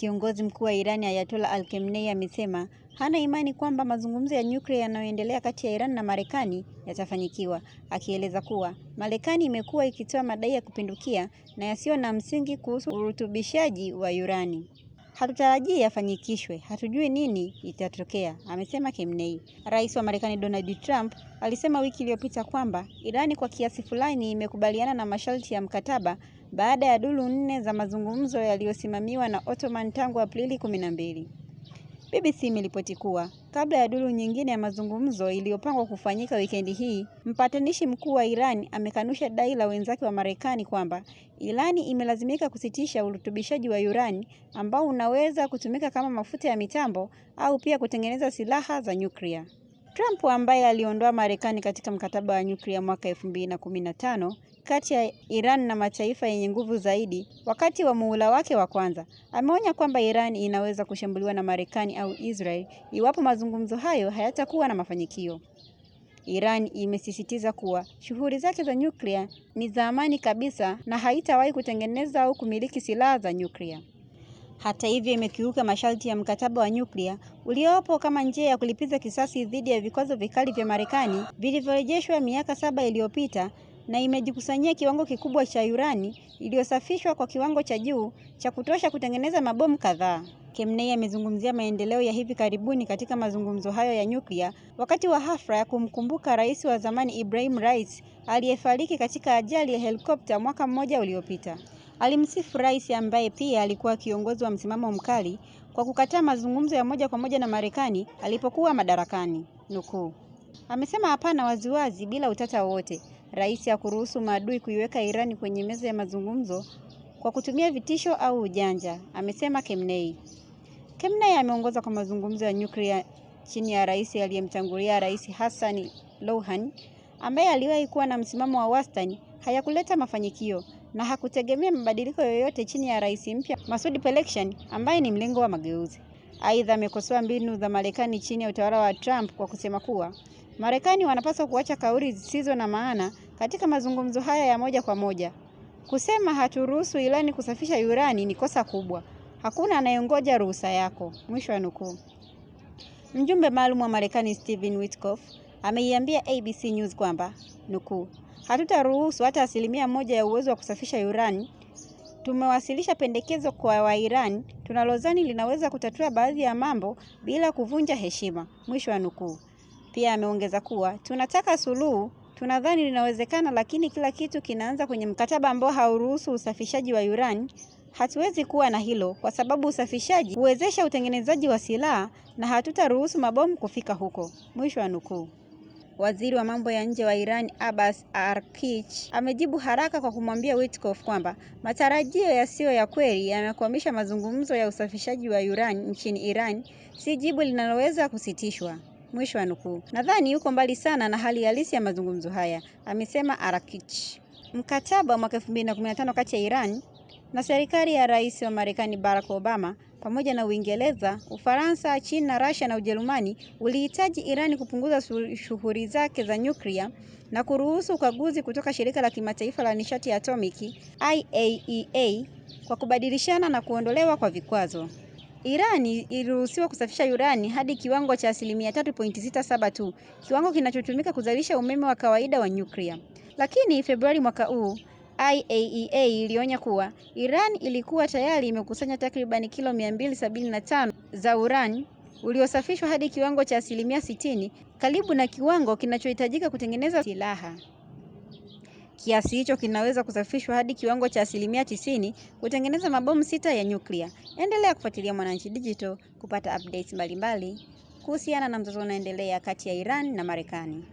Kiongozi mkuu wa irani Ayatollah Al Khamenei amesema hana imani kwamba mazungumzo ya nyuklia yanayoendelea kati ya Iran na Marekani yatafanikiwa, akieleza kuwa Marekani imekuwa ikitoa madai ya kupindukia na yasiyo na msingi kuhusu urutubishaji wa urani. Hatutarajii yafanyikishwe hatujui nini itatokea, amesema Khamenei. Rais wa Marekani Donald Trump alisema wiki iliyopita kwamba Irani kwa kiasi fulani imekubaliana na masharti ya mkataba baada ya duru nne za mazungumzo yaliyosimamiwa na Ottoman tangu Aprili kumi na mbili. BBC imeripoti kuwa kabla ya duru nyingine ya mazungumzo iliyopangwa kufanyika wikendi hii, mpatanishi mkuu wa Iran amekanusha dai la wenzake wa Marekani kwamba Iran imelazimika kusitisha urutubishaji wa urani ambao unaweza kutumika kama mafuta ya mitambo au pia kutengeneza silaha za nyuklia. Trump ambaye aliondoa Marekani katika mkataba wa nyuklia mwaka 2015 kati ya Iran na mataifa yenye nguvu zaidi wakati wa muhula wake wa kwanza. Ameonya kwamba Iran inaweza kushambuliwa na Marekani au Israel iwapo mazungumzo hayo hayatakuwa na mafanikio. Iran imesisitiza kuwa shughuli zake za nyuklia ni za amani kabisa na haitawahi kutengeneza au kumiliki silaha za nyuklia. Hata hivyo, imekiuka masharti ya mkataba wa nyuklia uliopo kama njia ya kulipiza kisasi dhidi ya vikwazo vikali vya Marekani vilivyorejeshwa miaka saba iliyopita na imejikusanyia kiwango kikubwa cha urani iliyosafishwa kwa kiwango cha juu cha kutosha kutengeneza mabomu kadhaa. Kemnei amezungumzia maendeleo ya hivi karibuni katika mazungumzo hayo ya nyuklia wakati wa hafla ya kumkumbuka rais wa zamani Ibrahim Rais aliyefariki katika ajali ya helikopta mwaka mmoja uliopita. Alimsifu rais ambaye pia alikuwa kiongozi wa msimamo mkali kwa kukataa mazungumzo ya moja kwa moja na Marekani alipokuwa madarakani. Nukuu, amesema hapana waziwazi bila utata wowote rais ya kuruhusu maadui kuiweka Irani kwenye meza ya mazungumzo kwa kutumia vitisho au ujanja, amesema Kemnei. Kemnei ameongoza kwa mazungumzo ya nyuklia chini ya rais aliyemtangulia Rais Hassan Rouhani ambaye aliwahi kuwa na msimamo wa wastani, hayakuleta mafanikio na hakutegemea mabadiliko yoyote chini ya rais mpya Masoud Pezeshkian ambaye ni mlengo wa mageuzi. Aidha, amekosoa mbinu za Marekani chini ya utawala wa Trump kwa kusema kuwa Marekani wanapaswa kuacha kauli zisizo na maana katika mazungumzo haya ya moja kwa moja, kusema haturuhusu Irani kusafisha urani ni kosa kubwa. Hakuna anayengoja ruhusa yako. Mwisho wa nukuu. Mjumbe maalum wa Marekani Stephen Witkoff ameiambia ABC News kwamba nukuu, hatutaruhusu hata asilimia moja ya uwezo wa kusafisha urani. Tumewasilisha pendekezo kwa Wairan tunalozani linaweza kutatua baadhi ya mambo bila kuvunja heshima. Mwisho wa nukuu. Pia ameongeza kuwa tunataka suluhu Tunadhani linawezekana, lakini kila kitu kinaanza kwenye mkataba ambao hauruhusu usafishaji wa urani. Hatuwezi kuwa na hilo kwa sababu usafishaji huwezesha utengenezaji wa silaha na hatutaruhusu mabomu kufika huko. Mwisho wa nukuu. Waziri wa mambo ya nje wa Iran Abbas arkich amejibu haraka kwa kumwambia Witkoff kwamba matarajio yasiyo ya kweli yamekwamisha mazungumzo ya usafishaji wa urani nchini Iran, si jibu linaloweza kusitishwa. Mwisho wa nukuu. Nadhani yuko mbali sana na hali halisi ya mazungumzo haya, amesema Arakich. Mkataba wa mwaka 2015 kati ya Iran na serikali ya Rais wa Marekani Barack Obama pamoja na Uingereza, Ufaransa, China, Russia na Ujerumani ulihitaji Irani kupunguza shughuli zake za nyuklia na kuruhusu ukaguzi kutoka Shirika la Kimataifa la Nishati ya Atomiki, IAEA, e kwa kubadilishana na kuondolewa kwa vikwazo. Irani iliruhusiwa kusafisha urani hadi kiwango cha asilimia 3.67 tu, kiwango kinachotumika kuzalisha umeme wa kawaida wa nyuklia. Lakini Februari mwaka huu, IAEA e ilionya kuwa Iran ilikuwa tayari imekusanya takribani kilo 275 za urani uliosafishwa hadi kiwango cha asilimia 60, karibu na kiwango kinachohitajika kutengeneza silaha. Kiasi hicho kinaweza kusafishwa hadi kiwango cha asilimia tisini kutengeneza mabomu sita ya nyuklia. Endelea kufuatilia Mwananchi Digital kupata updates mbalimbali kuhusiana na mzozo unaoendelea kati ya Iran na Marekani.